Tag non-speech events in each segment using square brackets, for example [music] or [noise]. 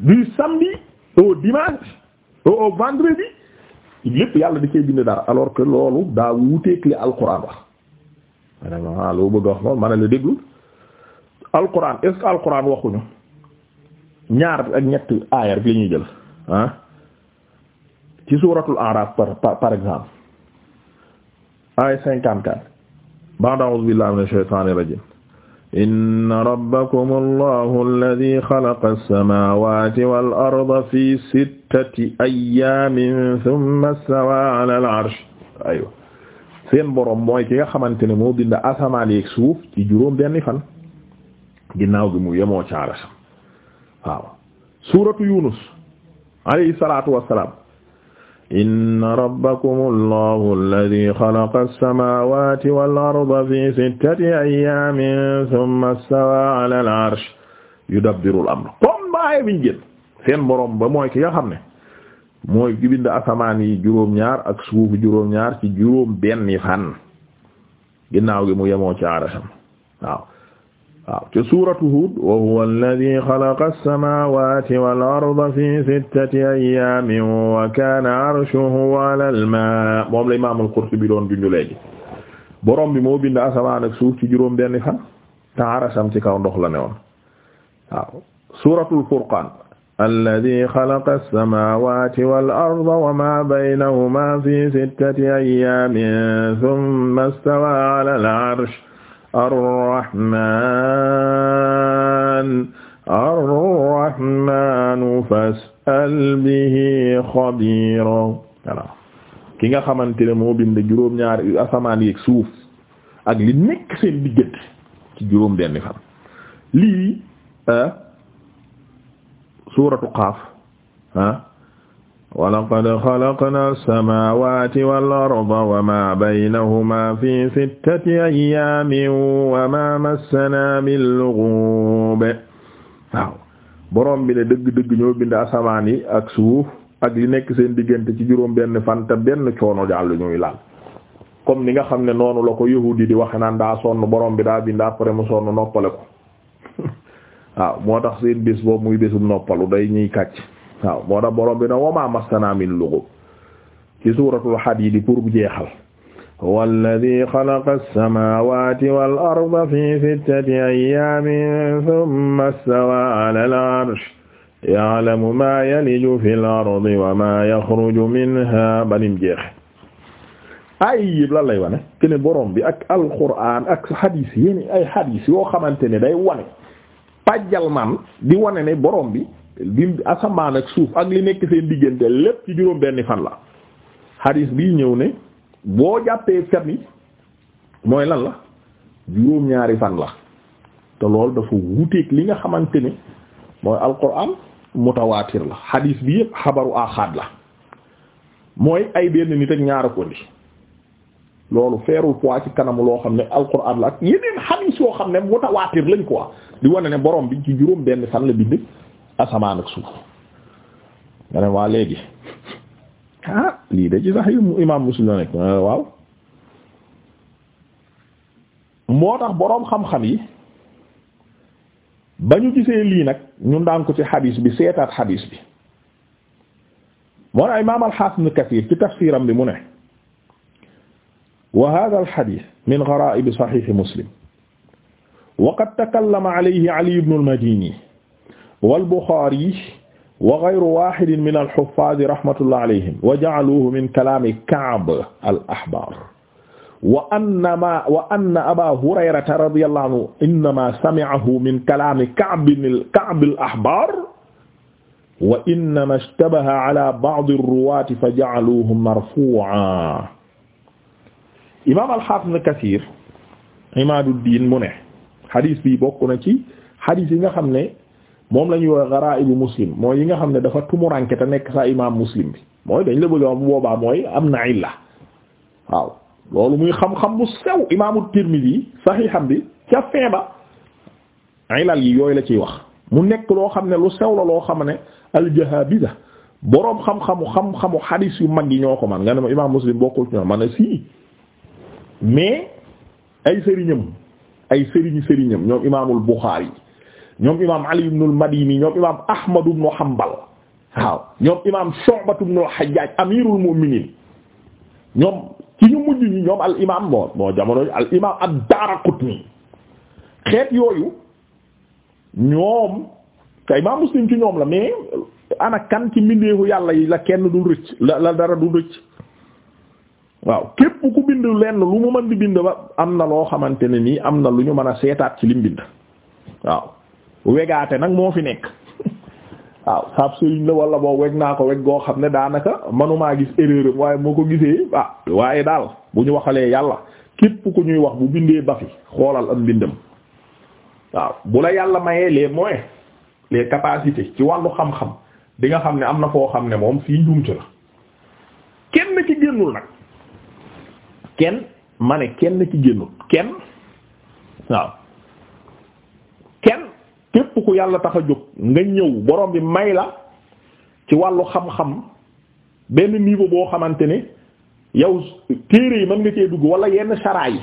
du samedi au dimanche au vendredi lépp yàlla da cee bind dara alors que loolu daa wuuteeg li alquran wax ah, loo bëgg wax noonu ma ne la déglu alquran est-ce que waxuñu ñaar ak ñett aaya rek la jël ah ci suuratul A'raaf par par exemple aaya cinquante quatre ba'da a'uuzu billaahi minash shaytaanir rajiim inna rabbakum allahu alladi xalaqa alsamawati wal arda fi sittati ayaamin thumma stawaa ala al arsh aywa seen boroom mooy ki nga xamante ne moo bind asamaan yeeg suuf ci juróom benni fan ginnaaw gi mu yemoo caara sam waaw suuratu yunus alayhi salaatu wassalaam inna rabbakum allahu alladi xalaqa alsamawati wal arda fi sittati ayaamin thumma stawaa ala al arsh yudabbiru al amr comme baaye biñ jël seen boroom ba mooy ki nga xam ne mooy ki bind asamaan yi juróom-ñaar ak suufu juróom-ñaar ci juróom benni fan ginnaaw gi mu yemoo ci arasam waaw waaw ci suuratu Huud wa huwa alladhi khalaqa as-samawati wal arda fi sittati ayyamin wa kana arshuhu 'ala al-ma moom la imaam al-Qurtubi doon junju léegi borom bi moo bind asamaan ak suuf ci juróom benn fan te arasam ci kaw ndox la ne woon waaw suuratul Furqaan alladhi khalaqa as-samawati wal arda wa ma baynahuma fi sittati ayyamin thumma istawa 'ala al-'arsh arrahman arrahmanu fas'al bihi xabira voilà ki nga xamante ne moo bind juróom-ñaari asamaan yeeg suuf ak li nekk seen diggante ci juróom benni fan lii ah, suratu qaaf ah walaqad xalaqna alsamawati wal arda wa ma baynahuma fi sittati ayaamin wa ma massana min waaw borom bi ne dëgg-dëgg ñoo bind asamaan yi ak suuf ak li nekk seen diggante ci juróom benn fanta benn coono jàll ñuy laal comme ni nga xam ne noonu la ko yahuudi di waxe naan daa sonn borom bi daa bind après mu sonn noppale ko [laughs] waaw moo tax seen bis boobu muy bésum noppalu day ñuy kàcc waaw moo tax borom bi na wamaa massana min lughub bu jeexal walladi xalaqa alsamawati wal arda fi sittati ayaamin al arsh ya'lamu maa yaliju fi l ardi wa maa yaxruju minha banim jeexe ay yëpp lan lay wane kene borom bi ak alquran ak a yéeni ay xadiis yoo xamante ne day wane pàjjal man di wane ne borom bi bi asamaan ak suuf ak li nekk seen diggante lépp ci juróom benni fan la hadis bii ñëw ne boo jàppee fenn mooy lan la juróom ñaari fan la te loolu dafa wuteeg li nga xamante ni mooy alquran mutawaatir la hadis bi yëpp xabaru axaad la mooy ay benn nit ak ñaara ko ndi loolu feerul poids ci kanamu loo xam ne alquran la ak yeneen hadis yoo xam ne mutawaatir lañ quoi li wane ne borom bi ci juróom benn fan la bind asamaan ak suuf léegi ah. lii da ci moo tax boroom xam-xam yi ba ñu gisee lii nag ñun daan ko ci xadiis bi seetaat xadiis bi moo tax imaam al-Hasan Ibn Kathir ci tafsiram bi mu ne wa hadha al-hadith min gharaib sahih Muslim wa qad takallama alayhi Ali ibn al-Madini wal Bukhari wa ghayru wahidin min al-huffaz rahmatullah alayhim wa ja'aluhu min kalami Ka'b al-ahbar wa annama wa anna aba hurayrata radiyallahu anhu innama sami'ahu min kalami Ka'b Ka'b al-ahbar wa innama ishtabaha ala ba'd ar-ruwaat fa ja'aluhu marfu'an imaam al-Hafiz Kathir Imaadud-Din mu ne xadis bi bokk na ci xadis yi nga xam ne moom la ñuy wax garaa'ibu muslim mooy yi nga xam ne dafa tumuranke te nekk sa imam muslim bi mooy dañ la bëgg wax bu boobaa mooy am na illa waaw loolu muy xam-xam bu sew imaamu Tirmidhi saxiixam bi ca feeba lal yi yooyu la ciy wax mu nekk loo xam ne lu sew la loo xam ne aljahabiza boroom xam-xamu xam-xamu xadiis yu mag yi ñoo ko man nga ne ma imaam muslim bokkul ci ñoom man a sii mais ay sëriñam ay sëriñi sëriñam ñoom imaamul Buxaari ñoom imaam Ali ibn al-Madini ñoom imaam Ahmad ibn Hanbal waaw ñoom imaam Shu'ba ibn al amirul mu'minin ñoom ci ñu mujj ñi ñoom al imaam bon bon jamono al imaam ad-Daraqutni xeet yooyu ñoom te imaam Muslim ci ñoom la mais ana kan ci mbindeefu yàlla yi la kenn du rëcc la dara du rëcc waaw képp ku bind lenn lu mu mën di bind ba am na loo xamante ne nii am na lu ñu mën a seetaat ci lim bind waaw. wegaate nag moo fi nekk waaw saab sëriñ la wala boo weg naa ko weg goo xam ne daanaka manumaa gis erreur waaye moo ko gisee ah waaye daal bu ñu waxalee yàlla képp ku ñuy wax bu bindee ba fi xoolal am mbindam waaw bu la yàlla mayee les moyens les capacités ci wàllu xam-xam di nga xam ne am na foo xam ne moom fii njuumte la kenn ci génnul nag kenn mane kenn ki génnul kenn waaw képp ku yàlla tax a jóg nga ñëw borom bi may la ci wàllu xam-xam benn niveau boo xamante ni yow téere yi mën nga cee dugg wala yenn saraa yi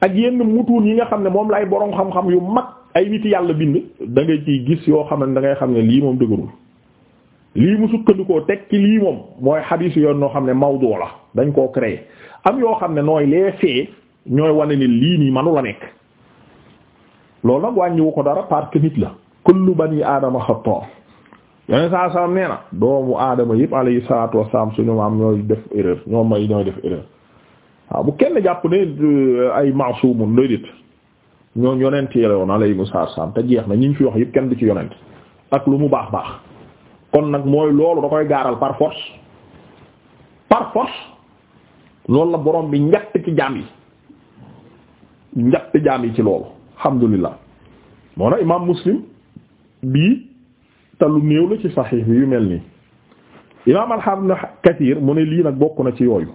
ak yenn mutuun yi nga xam ne moom la ay boroom xam-xam yu mag ay nit yàlla bind da ngay gis yoo xam ne da xam ne lii moom dëgërul lii mu sukkandikoo teg ci lii moom mooy xadiis yoon noo xam ne mawdu la dañ koo créé am yoo xam ne nooy les faits ñooy wane ni lii nii manu la nekk. loolu nag wàññiwu ko dara parce que nit la ba bani aadama xata yoneen saa salam nee doomu aadama yëpp alayhi salatu wasalaam suñu am ñooy def erreur ñoom may ñooy def erreur waaw bu kenn jàpp ne euh, ay maasumun doy dit ñoom yonent yelewoon alayhimu salaatu wasalaam te jeex na ñi ñu fi wax yëpp kenn du ci yonent ak lu mu baax baax kon nag mooy loolu da koy gaaral par force par force loolu la borom bi njatt ci jaam yi njatt jaam yi ci loolu alhamdulillah moo na imaam muslim bii te néew la ci saxiix bi yu mel nii imaam alxam na kathir mu ne lii nag bokk na ci yooyu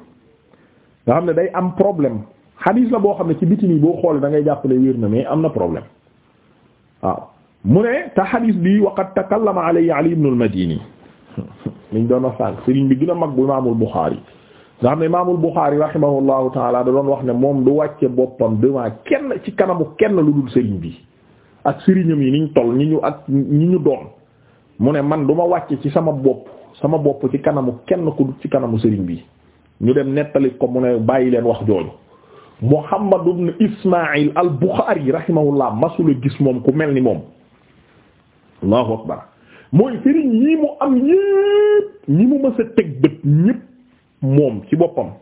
nga xam ne day am problème xadiis la boo xam ne ci biti nii boo xoolee da ngay jàppale wér na mais am na problème waaw mu ne te xadiis bi waqad takallama alayhi ali ibn al madini [laughs] liñ doon a sànq sëriñ bi gën a mag bu imaamul buxaari nga xam ne imaamul Buxaari rahimahullahu taala da doon wax ne moom lu wàcce boppam devant kenn ci kanamu kenn lu dul sëriñ bi ak sëriñam yi niñ toll ñi ñu ak ñi ñu doon mu ne man du ma wàcce ci sama bopp sama bopp ci kanamu kenn ku dul ci kanamu sëriñ bi ñu dem nettali ko mu ne bàyyi leen wax jooju Muhammad ibn Ismaïl al Buxaari rahimahullah masula gis moom ku mel ni moom allahu akbar mooy sëriñ yi mu am yépp ñi mu mës a bët ñépp moom ci boppam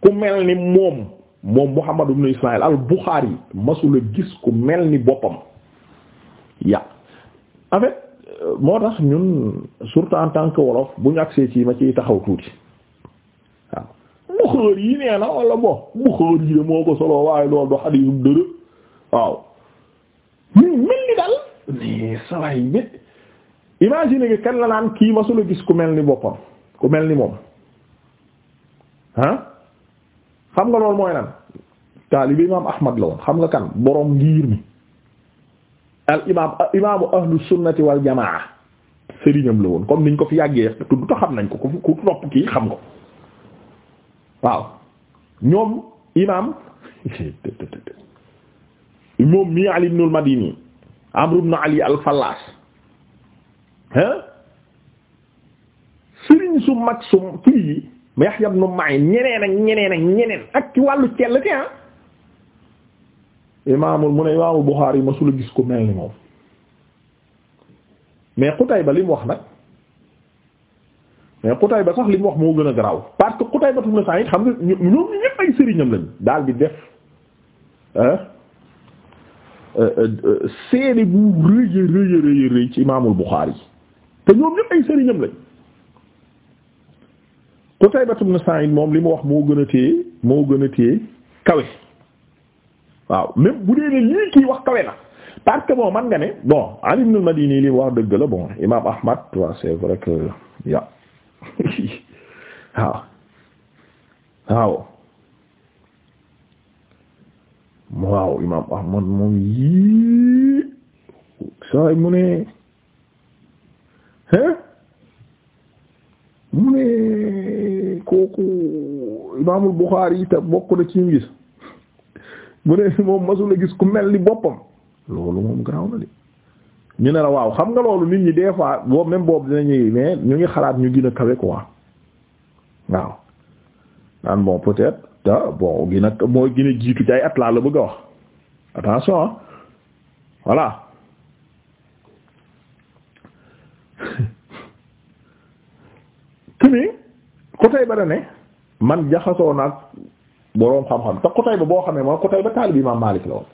ku mel ni moom moom Muhammad ibn Ismaïl al-Bukhari masula gis ku mel ni boppam ya en euh, moo tax ñun surtout en tant wolof bu ñu agsee ci ma ci taxaw tuuti waaw Bukhari yi nee na wala bon Bukhari yi de moo ko solo waaye loolu do xadiis bu waaw mel ni daal mais saway bi imagine nga kan la naan kii masula gis ku mel ni boppam ku mel ni moom ah xam nga loolu mooy lan taalibe imaam Ahmad la woon xam nga kan borom ngir mi al imaam imaamu ahlu sunnati wal jamaa sëriñam la woon comme niñ ko fi yàggee tudd te xam nañ ko ku topp kii xam ko waaw ñoom imaam [laughs] moom mii Ali ibn madini Amr ibn Ali al-Fallaas ah sëriñ su mag su kii yi Yahya ibn Ma'in ñeneen ak ñeneen ak ñeneen ak ci wàllu cell te ah imaamul mu ne imaamul Buxaari masula gis ko mel ni moom mais Qutayba ba mu wax nag mais Qutayba sax li mu wax moo gën a garaaw parce que Qutayba ibn Sa'id xam nga ñoom ñépp ay sëriñam lañ daal di def euh, euh, euh, seede bu rëy rëy rëy rëy ci imaamul Buxaari te ñoom ñépp ay sëriñam lañ Qutayba ibn Sa'id moom li mu wax moo gën a téye moo gën a téye kawe waaw même bu dee ne lii kii wax kawe na parce que bon man nga ne bon Ali ibn al-Madini li mu wax dëgg la bon Imam Ahmad waaw c'est vrai que ya waaw waaw waaw Imam Ahmad moom yii saa mu ne hein mu ne kooku imaamul Buxaari yi te bokk na ci ñu gis mu ne moom a gis ku mel ni boppam loolu moom garaaw na li ñu ne la waaw xam nga loolu nit ñi des fois boobu même boobu dinañuy mais ñu ngi xalaat ñu gën a kawe quoi waaw naan bon peut-être te bon gën a mooy gën a jiitu ci ay at laa la bëgg wax attention ah voilà tuni [laughs] Qutayba da ne man jaxasoo nag boroom xam-xam te Qutayba boo xamee mooy Qutayba taalibe imaam Maalik la woon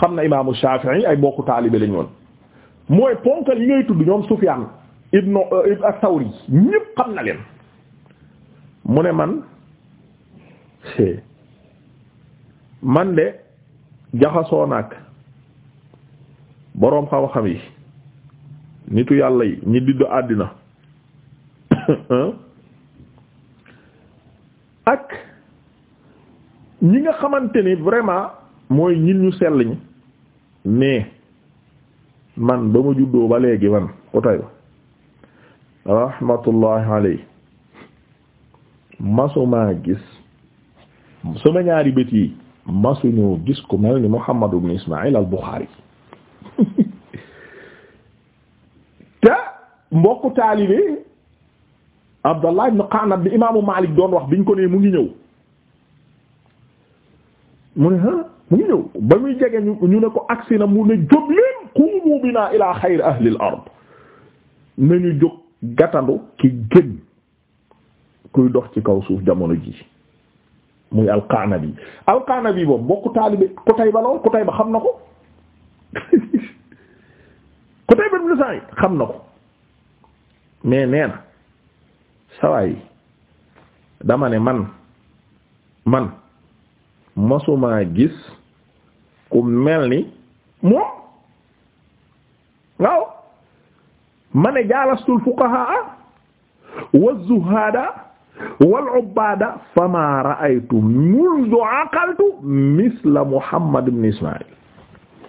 xam na imaamu Shaafi'i ay bokku taalibe lañu woon mooy ponkal yi ngay tudd ñoom Sufyaan ibn euh, as ñépp xam na leen mu ne man man de jaxasoo nag boroom xam-xam yi nitu yàlla yi ñi didd àddina [coughs] ak ñi nga xamante ni vraiment mooy ñin ñu sell ñi mais man ba ma juddoo ba léegi man ko tay rahmatullahi alayhi masumaa gis sama ñaari bët yi masuñu gis ku mel ni Muhammad ibn Ismaïl al-Bukhari [laughs] te mbokku taalibe Abdallah ibn Qanab bi imaamu Malik doon wax biñ ko nee mu ngi ñëw mu ne ah mu ngi ñëw ba muy jege ñu ne ko agsi na mu ne jóg leen qumu bina ila xayri ahli al-ard nañu jóg gàttandu ki gën kuy dox ci kaw suuf jamono ji muy al-Qanabi al-Qanabi boobu bokku taalibe Qutayba lool Qutayba xam na ko [laughs] Qutayba ibn Sa'id xam na ko mais nee na sawaay dama ne man man masumaa gis ku mel ni moom waaw ma ne jaalastul fuqahaa wa zuhaada wal ubbaada famaa ra'aytu mundu aqaltu misla muhammad ibn ismaa'il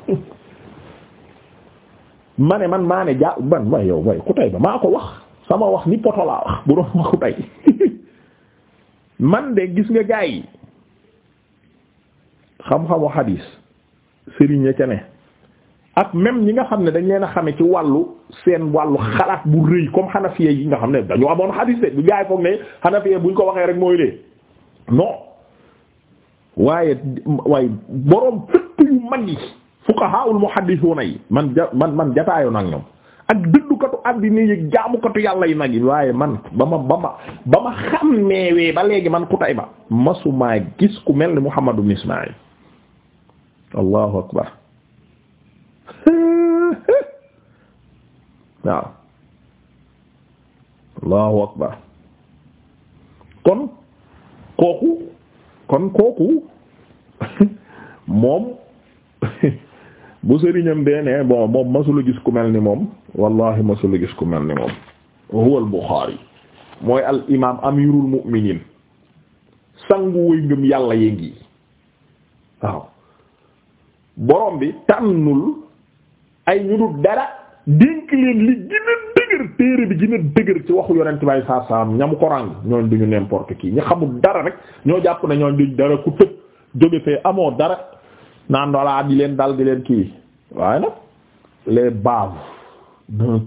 [laughs] ma ne man maa ne jaa ban way yow way Qutayba maa ko wax sama wax ni poto laa wax bu doon waxu tey [laughs] man de gis nga gaa yi xam-xamu xadiis sëriñ ya ca ne ak même ñi nga xam ne dañ leen a xame ci wàllu seen wàllu xalaat bu rëy comme xanafiya yi nga xam ne dañu amoon xadiis de bu gaa yi foog ne xanafiya buñ ko waxee rek mooy lee non waaye waaye boroom fépp yu mag yi fuqahaul muhaddisuna yi man ja man man jataayoo nag ñoom ak dëddu àddina yi jaamukatu yàlla yi mag yi waaye man ba ma ba ma ba ma ba léegi man Qutayba masumaa gis ku mel ni Muhammad ibn allahu akbar [laughs] waaw allahu akbar kon kooku kon kooku [laughs] moom [laughs] bu sëriñam bee ne bon moom masula gis ku mel ni moom wallahi masula gis ku mel ni moom huwa al mooy al imaam amirul mu'miniin sangu wëy ngëm yàlla yëngi waaw borom bi tànnul ay ñu dul dara dénk leen li gën a dëgër téere bi gën a dëgër ci waxu yonent bay saa saam ñamu ko ràng ñooñ duñu n'importe qui ñi xamul dara rek ñoo jàpp ne ñooñ duñ dara ku tëb jóge fee amoo dara naan walla di leen dal di leen kii waaye nag les baves d'un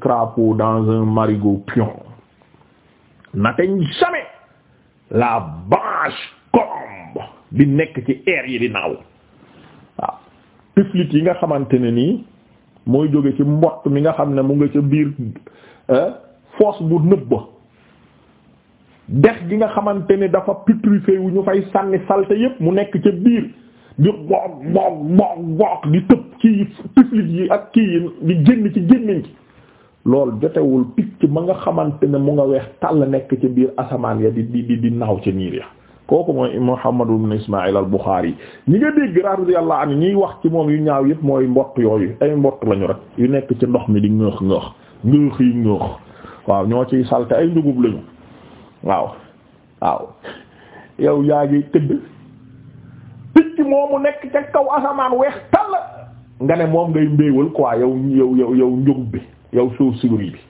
la branche combe bi nekk ci air yi di naaw waaw tiflit yi nga xamante ne nii mooy jóge ci mbott mi nga xam ne mu nga ca biir fosse bu nëbb dex gi nga xamante ne dafa putréfié wu ñu fay sànni saleté yépp mu nekk ca biir di ngoog ngoog ngoog ngoog di tëb kii tiflit yi ak kii yi di génn ci gémmiñ ci loolu jotewul picc ma nga xamante ne mu nga weex tàll nekk ci biir asamaan ya di di di naaw ca niir ya kooku mooy Muhammad ibn Ismaïl al-Bukhari ñi nga dégg radiyallahu anhu ñuy wax ci moom yu ñaaw yëpp mooy mbott yooyu ay mbott lañu rek yu nekk ci ndox mi di ngëx ngëx ngëx yi ngëx waaw ñoo ciy salte ay njugub lañu waaw waaw yow yaa ngi tëdd ci moomu nekk ca kaw asamaan weex tàll nga ne moom ngay mbéywal quoi yow yow yow njugub bi yow suuf sibri bi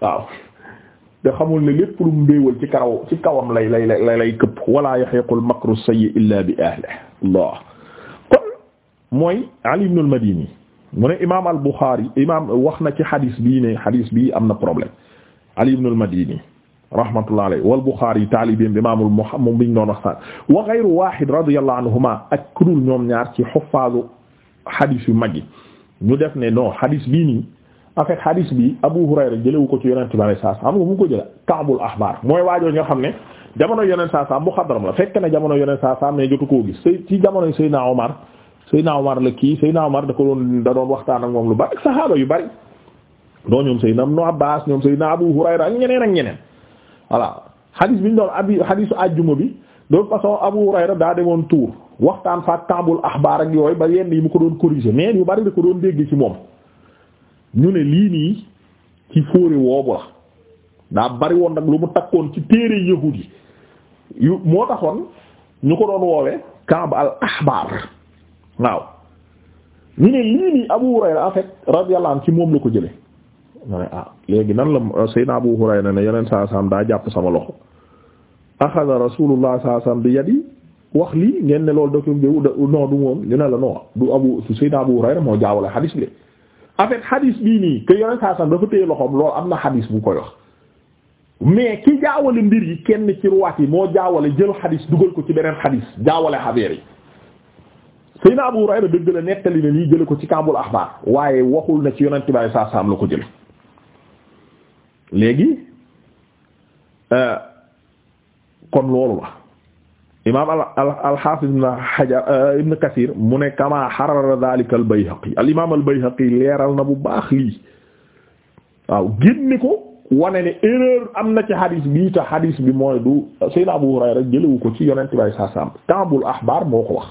waaw da xamul ne lépp lu mbéywal ci ci kawam lay lay lay lay këpp wala yahiqul makru sayyi illa bi ahlihi Allah kon mooy Ali ibn al mu ne imaam al imaam wax na ci xadis bi ne xadis bii am na problème Ali ibn al rahmatullah alayhi wal Bukhari taalibiin bi imaamul mohammom biñ doon wax saan wa ghayru wahid radiyallahu anhuma ak kudul ñoom ñaar ci xuffaazu hadis yu mag yi ñu def ne non hadis bii nii en fait hadis bi Abu Hurayra jëlewu ko ci yonent bi alayhi salaam am nga mu ko jële Kaabul Ahbaar mooy waajoo nga xam ne jamono yonent saa saam bu xadaram la fekk na jamono yonent saa saam mais jotu koo gis sëy ci jamonoy Seydina Omar Seydina Omar la kii Seydina Omar da ko doon da doon waxtaan ak moom lu bari saxaaba yu bari doo ñoom Seydina Ibnu Abbaas ñoom Seydina Abu Hurayra ak ñeneen ak ñeneen voilà xadis bi ñu doon abi xadisu àjjuma bi doon façon Abu Hurayra daa demoon tuur waxtaan fa Kaabul axbaar ak yooyu ba yenn yi mu ko doon corriger mais yu bari da ko doon dégg ci moom ñu ne lii nii ci fóore woobu la daa bari woon nag lu mu takkoon ci téere yahuud yi yu moo taxoon ñu ko doon woowee Kaab al axbaar waaw ñu ne lii nii Abu Hurayra en fait radiyallahu anhu ci moom la ko jële ma ne ah, léegi nan la ah, Seydina Abu Hurayra ne yeneen saa saam daa jàpp sama loxo axada rasulullah saa saam bi yadi wax lii ngeen ne loolu dako déw non du moom ñu ne la non du abu Seydina Abu Hurayra moo jaawale xadis bi en fait xadis bii nii que yeneen saa saam dafa téye loxoom loolu am na xadis bu koy wax mais ki jaawale mbir yi kenn ci ruwaat yi moo jaawale jël xadis dugal ko ci beneen xadis jaawale xabeer yi Seydina Abu Hurayra dëgg la nettali na lii jële ko ci Kaabul Axbaar waaye waxul na ci yonent bi saa saam la ko jële léegi euh, kon loolu la imaam al alxaafis ibn Hajar euh, ibn Kathir mu ne kama xarara daalika al Bayhaqi al leeral na bu baax lii waaw génne ko wane ne erreur am na ci hadis bii te hadis bi mooy du Seydina Abu Hurayra jëlewu ko ci yonent bay saa saam Kaabul moo ko wax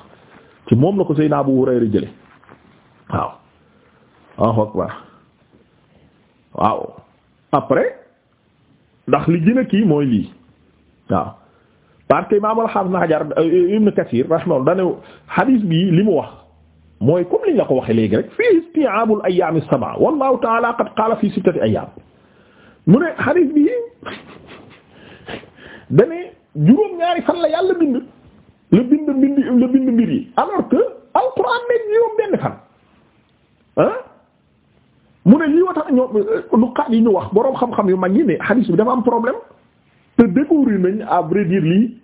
ci moom la ko Seydina Abu Hurayra jële waaw waaw waaw après ndax li gën a kii mooy lii waaw parce que imaam al-Hafiz Hajar euh, Ibn Kathir rahimahullah dane hadith bi li mu wax mooy comme liñ la ko waxee léegi rek fii isti'aab al-ayyaam as-sab'a wallahu ta'ala qad qaala fi sittati ayyaam mu ne hadith bi [laughs] dane juróom-ñaari fan la yàlla bind la bind bind la bind mbir yi alors que al-Qur'an ne juróom benn fan ah mu ne lii wata ñoom euh, lu xaat yi ñu wax boroom xam-xam yu mag yi ne bi dafa am problème te découvrir nañ à vrai dire lii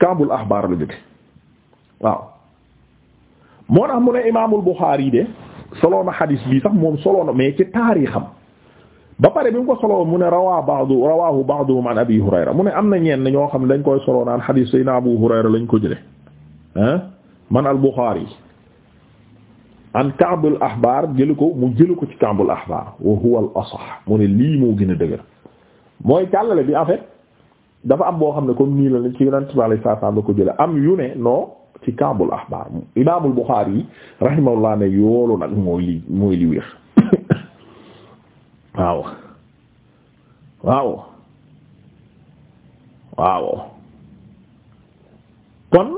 kambul axbaar la jóge waaw moo tax mu ne imaamul Buxaari de soloon na xadis bii sax moom soloon na mais ci xam ba pare bi ko soloon mu ne rawaa ba'du rawaahu ba'duhum an Abi Hurayra mu ne am na ñenn ñoo xam ne dañ koy soloon an xadiis Seydina Abu Hurayra lañ ko jële ah man al Buxaari an kaabul ahbar jëli ko mu jëli ko ci kaabul ahbar wa huwa al asah mu ne lii moo gën a dëgër mooy càllale bi en fait dafa am boo xam ne comme nii la ne ci yonent bi alai saa salaam la ko jële am yu ne non ci kaabul ahbar imaamul Buxaari yi rahimahullah ne yoolu nag mooy li mooy li wér waaw waaw waaw kon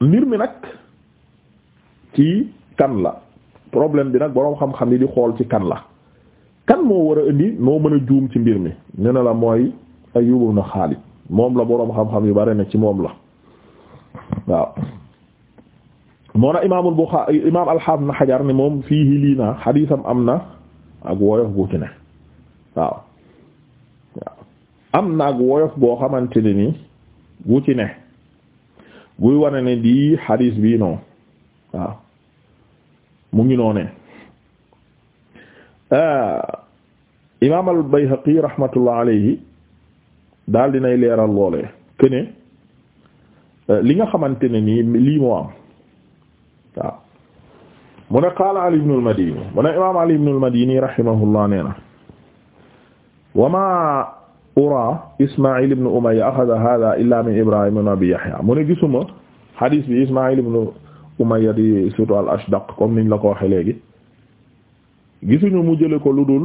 mbir mi nag ci kan la problème bi nag boroom xam-xam yi di xool ci kan la kan moo war a indi moo mën a juum ci mbir mi ñu ne la mooy Ayyub ibn Xaalid moom la boroom xam-xam yu bari na ci moom la waaw moo na imaamul Buxaari imaam alxaam na xajar ne moom fii lii naa xadiisam am na ak woyof gu ci ne waaw am na ak woyof goo xamante ne ni gu ci ne guy wane ne di xadiis bii noo waaw mu ngi noonee ah, imaam al Bayhaqi rahmatullah alayhi daal dinay leeral loolee kene euh, li nga xamante ne nii lii moo am waaw mu ne qaala Ali ibn al-Madini mu ne imaam Ali wa maa uraa Ismaa'il ibn Umayya axada haadaa illaa min Ibraahiim ibn Abi Yahyaa mu ne gisuma xadiis bi Ismaa'il ibn Umayya di surtout al Ashdaq comme niñ la ko waxee léegi gisuñu mu jële ko lu dul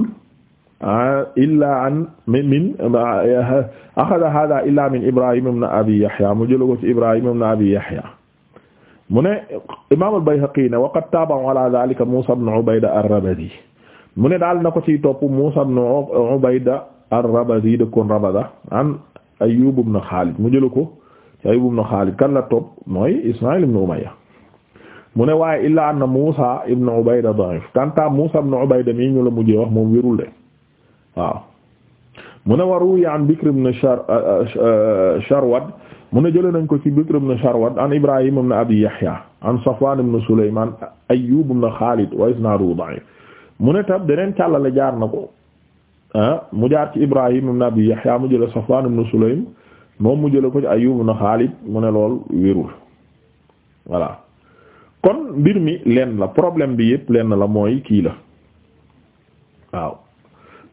illa an min min eh, axada hada illa min Ibrahim ibn Abi Yahya mu jële ko ci Ibrahim ibn Abi Yahya mu ne imam al-Bayhaqi ne waqad taaba'u ala dhalika Musa ibn Ubayda ar-Rabadi mu ne daal na ko ciy topp Musa ibn Ubayda ar-Rabadi dëkkoon Rabada an Ayyub ibn Khalid mu jële ko ci Ayyub ibn Khalid kan la topp mooy Ismaïl ibn Umayya mu ne waaye illaa anna Muusa ibn Ubayda da'if kanta Muusa ibn Ubayda mii ñu la mujjee wax moom wérul de waaw mu ne wa ruwiya an Bikr ibn Sharwad mu ne jëlee nañ ko ci Bikr ibn Sharwad an Ibrahim ibn Abi Yahya an Safwan ibn Sulayman Ayyub ibn Khalid wa isnaaduhu da'if mu ne tam beneen càllale jaar na ko ah mu jaar ci Ibrahim ibn Abi Yahya mu jëlee Safwan ibn Sulaym moom mu jëlee ko ci Ayyub ibn Khalid mu ne lool wérul voilà kon mbir mi lenn la problème bi yëpp lenn la mooy kii la waaw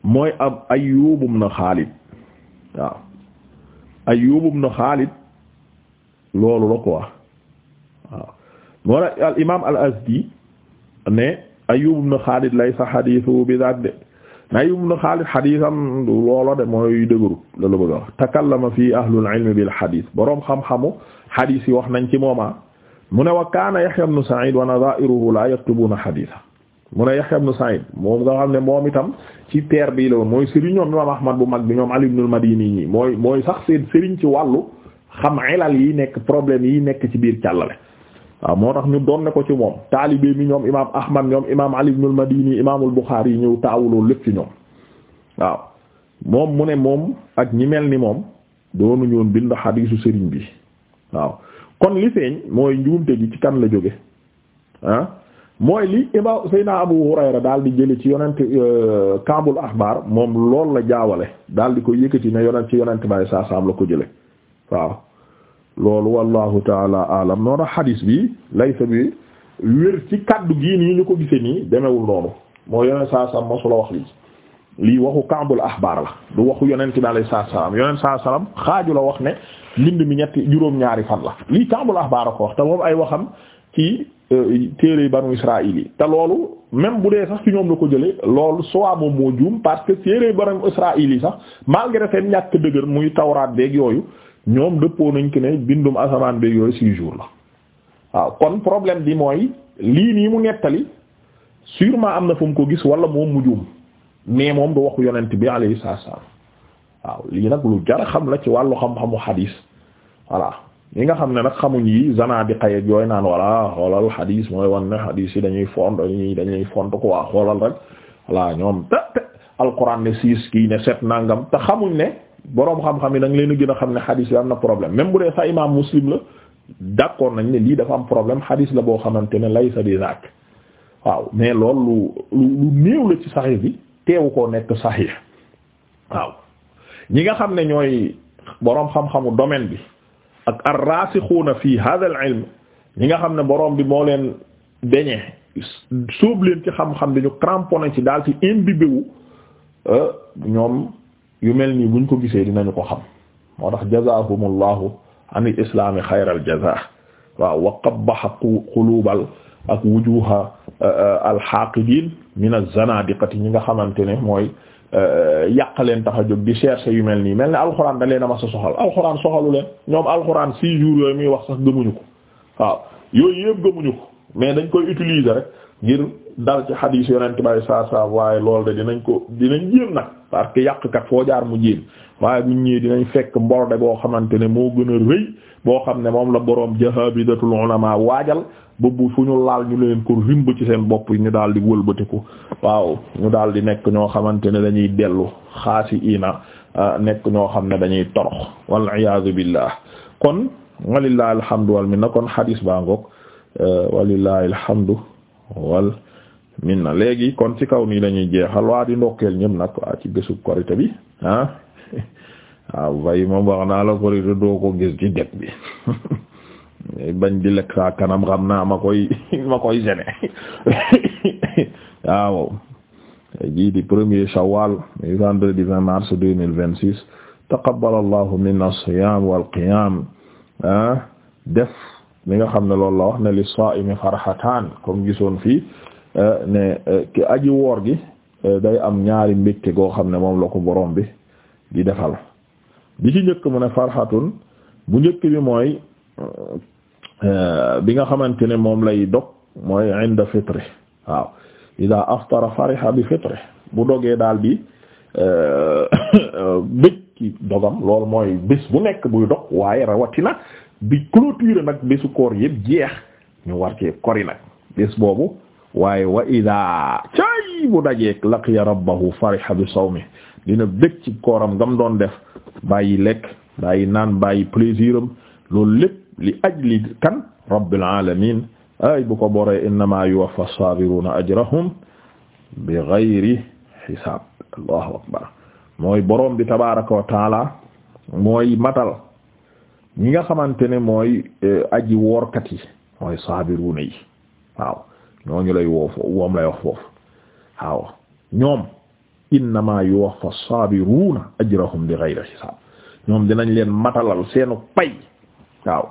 mooy ab ayyubum na xaalid waaw ayyubum na xaalid loolu la ko waaw al imaam al azdi ne ayyubum na xaalid laysa xadiisu bi daat de na ayyubum na xaalid xadiisam loola de mooy dëgërut la la bëgg a wax takallama fii ahlul ilmi bil xadiis boroom xam-xamu xadiis wax nañ ci mooma ah mu ne wa kaana Yahya ibn Sa'id wa nadha'iruhu la yaktubuna haditha mu ne Yahya ibn Sa'id moom nga xam ne moom itam ci terre bii la woon mooy sëriñ ñoom imam Ahmad bu mag bi ñoom Ali ibn al-Madini ñi mooy mooy sax seen sëriñ ci wàllu xam ilal yi nekk problème yi nekk ci biir càllale waaw moo tax ñu doon ne ko ci moom taalibee mi ñoom imam Ahmad ñoom imam Ali ibn al-Madini imaamul Bukhari yi ñëw taawuloo lépp ci ñoom waaw moom mu ne moom ak ñi mel ni moom doonuñu woon bind xadiisu sëriñ bi waaw kon li feeñ mooy njuumte gi ci kan la jóge ah mooy li ima sayna Abu Hurayra daal di jële ci yonent euh, kaabul axbaar moom loolu la jaawale daal di ko yëkkati na yonent ci yonent baay saa la ko jële waaw loolu wallahu taala alam noonu xadiis bi laysa bi wér ci kaddu gii nii ñu ko gise nii demewul noonu moo yonent saa saam su la wax lii lii waxu kambul ahbaar la lu waxu yonent bi alayhi salaatu salaam yonent salaatu salaam xaaju la wax ne mbind mi ñetti juróom-ñaari fan la lii kambul ahbaar a ko wax te moom ay waxam ci euh, téere banu israil yi te loolu même bu dee sax ci ñoom la ko jële lool soit moom moo juum parce que téere banu israil yi sax malgré seen ñàkk dëgër muy tawraat beeg yooyu ñoom dëppoo nañ ki ne bindum asamaan beeg yooyu six jours la waaw kon problème bi mooy lii nii mu nettali sûrement am na fu mu ko gis wala moom mu mais moom du waxu yonent bi alayhi salaam waaw lii nag lu jar xam la ci wàllu xam-xamu xadiis voilà ñi nga xam ne nag xamuñ yi zanaadiqa yeeg yooyu naan voilà xoolal xadiis mooy wan ne xadiis yi dañuy font dañuy dañuy font ko waa xoolal rek voilà ñoom te te alquran ne siis kii ne set nangam te xamuñ ne boroom xam-xam yi da leen a gën a xam ne xadiis yi am na problème même bu dee sa imaam muslim la d'accord nañ ne lii dafa am problème xadiis la boo xamante ne laysa bi zaak waaw mais loolu bi. teewu koo nekk saxiix waaw ñi nga xam ne ñooy boroom xam-xamu domaine bi ak ar-raasixuuna fi hada al-ilm nga xam ne boroom bi moo leen deñe sóob leen ci xam-xam bi ci daal ci euh, ñoom yu mel nii buñ ko gisee dinañu ko xam moo tax jazaahumullahu an al islaami xayral jazaa waaw wa qabbaha quluubal ak wujuha Uh, alxaaqidiin min az-zanaadiqati ñi nga xamante ne mooy uh, yàq leen tax a jóg di chercher yu mel nii mel ne alxuraan da leen a mas a soxal alxuraan soxalu leen ñoom alxuraan six jours yooyu muy wax sax gëmuñu ko waaw yooyu yëpp gëmuñu ko mais dañ koy utiliser rek ngir. dal ci xadiis yonent bay saa saa waaye loolu de dinañ ko dinañ jéem nag parce que yàqkat foo jaar mu jéem waaye buñ ñëwee dinañ fekk mborode boo xamante ne moo gën a rëy boo xam ne moom la boroom jahabidatul ulama waajal bu fu ñu laal ñu leen ko rimb ci seen bopp ñu daal di wëlbatiku waaw ñu daal di nekk ñoo xamante ne dañuy dellu xaasi ina ah, nekk ñoo xam ne dañuy torox wal iyaazu billah kon walillahi alhamdu wal minna kon xadiis baa ngoog eh, walillahi alhamdu wal min na léegi kon ci kaw nii lañuy ñuy jeexal waa di ndokkeel ñëpp nag waa ci bésub korite bi ah waaw [laughs] ah, bay moom wax naa la korite doo ko gis ci det bi [laughs] bañ di lekk saa kanam xam naa ma koy [laughs] ma koy gene ah, waaw jii di premier shawwal vendredi 20 mars 2026 taqabbalallahu minna as-siyam wal ah. def li nga xam ne loolu la wax ne li sa'imi farhatan comme gisoon fii Euh, ne euh, ki aji woor gi euh, day am ñaari mbégte goo xam ne moom la ko boroom bi di defal bi ci njëkk mu ne farxatun bu njëkk bi mooy bi nga xamante ne moom lay dog mooy inda fitri waaw ida aftara fariha bi fitri bu dogee daal bi [coughs] bëj ci dogam loolu mooy bés bu nekk buy dog waaye rawatina bi clôture nag bisu koor yëpp jeex ñu war ci kori nag bés boobu waaye wa idaa cay bu dajeek laqiya rabbahu fariha bi sawmi ci kooram ngam doon def bàyyi lekk bàyyi naan bàyyi plaisir am li ajli kan rabbil alamin ay bu ko boree innama yuwaffa sabiruna ajrahum bi ghayri hisaab allahu akbar mooy borom bi tabaaraka mooy matal ñi nga xamante ne mooy eh, aji woorkat mooy saabiruna ñooñu lay woo foofu woom lay wax foofu waaw ñoom innama yuwaffa sabiruuna ajrahum bi ghayri hisaab ñoom dinañ leen matalal seenu pay waaw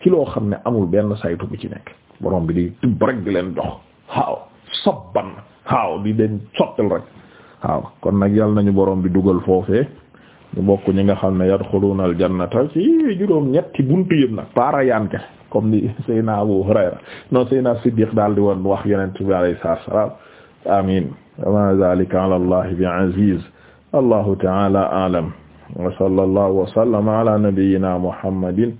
ci xam ne amul benn saytu bu ci nekk borom bi di tibb rek leen jox waaw sabban waaw di leen sottal rek waaw kon nag yàlla nañu borom bi dugal foofee ñu bokk ñi nga xam ne yadxuluna aljannata ci juróom ñetti buntu yëpp nag para yaan ke comme ni Seyna Abu Hurayra non Seyna Siddiq daal di woon wax yonent bi alayhi salaam amin wa ma zalika ala allahi bi aziz allahu taala alam wa sallallahu wa sallama ala nabiyyina muhammadin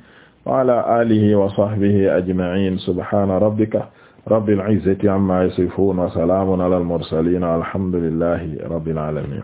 wa ala alihi wa sahbihi ajma'in subhana rabbika rabbil izzati amma yasifun wa salamun ala al mursalin alhamdulillahi rabbil alamin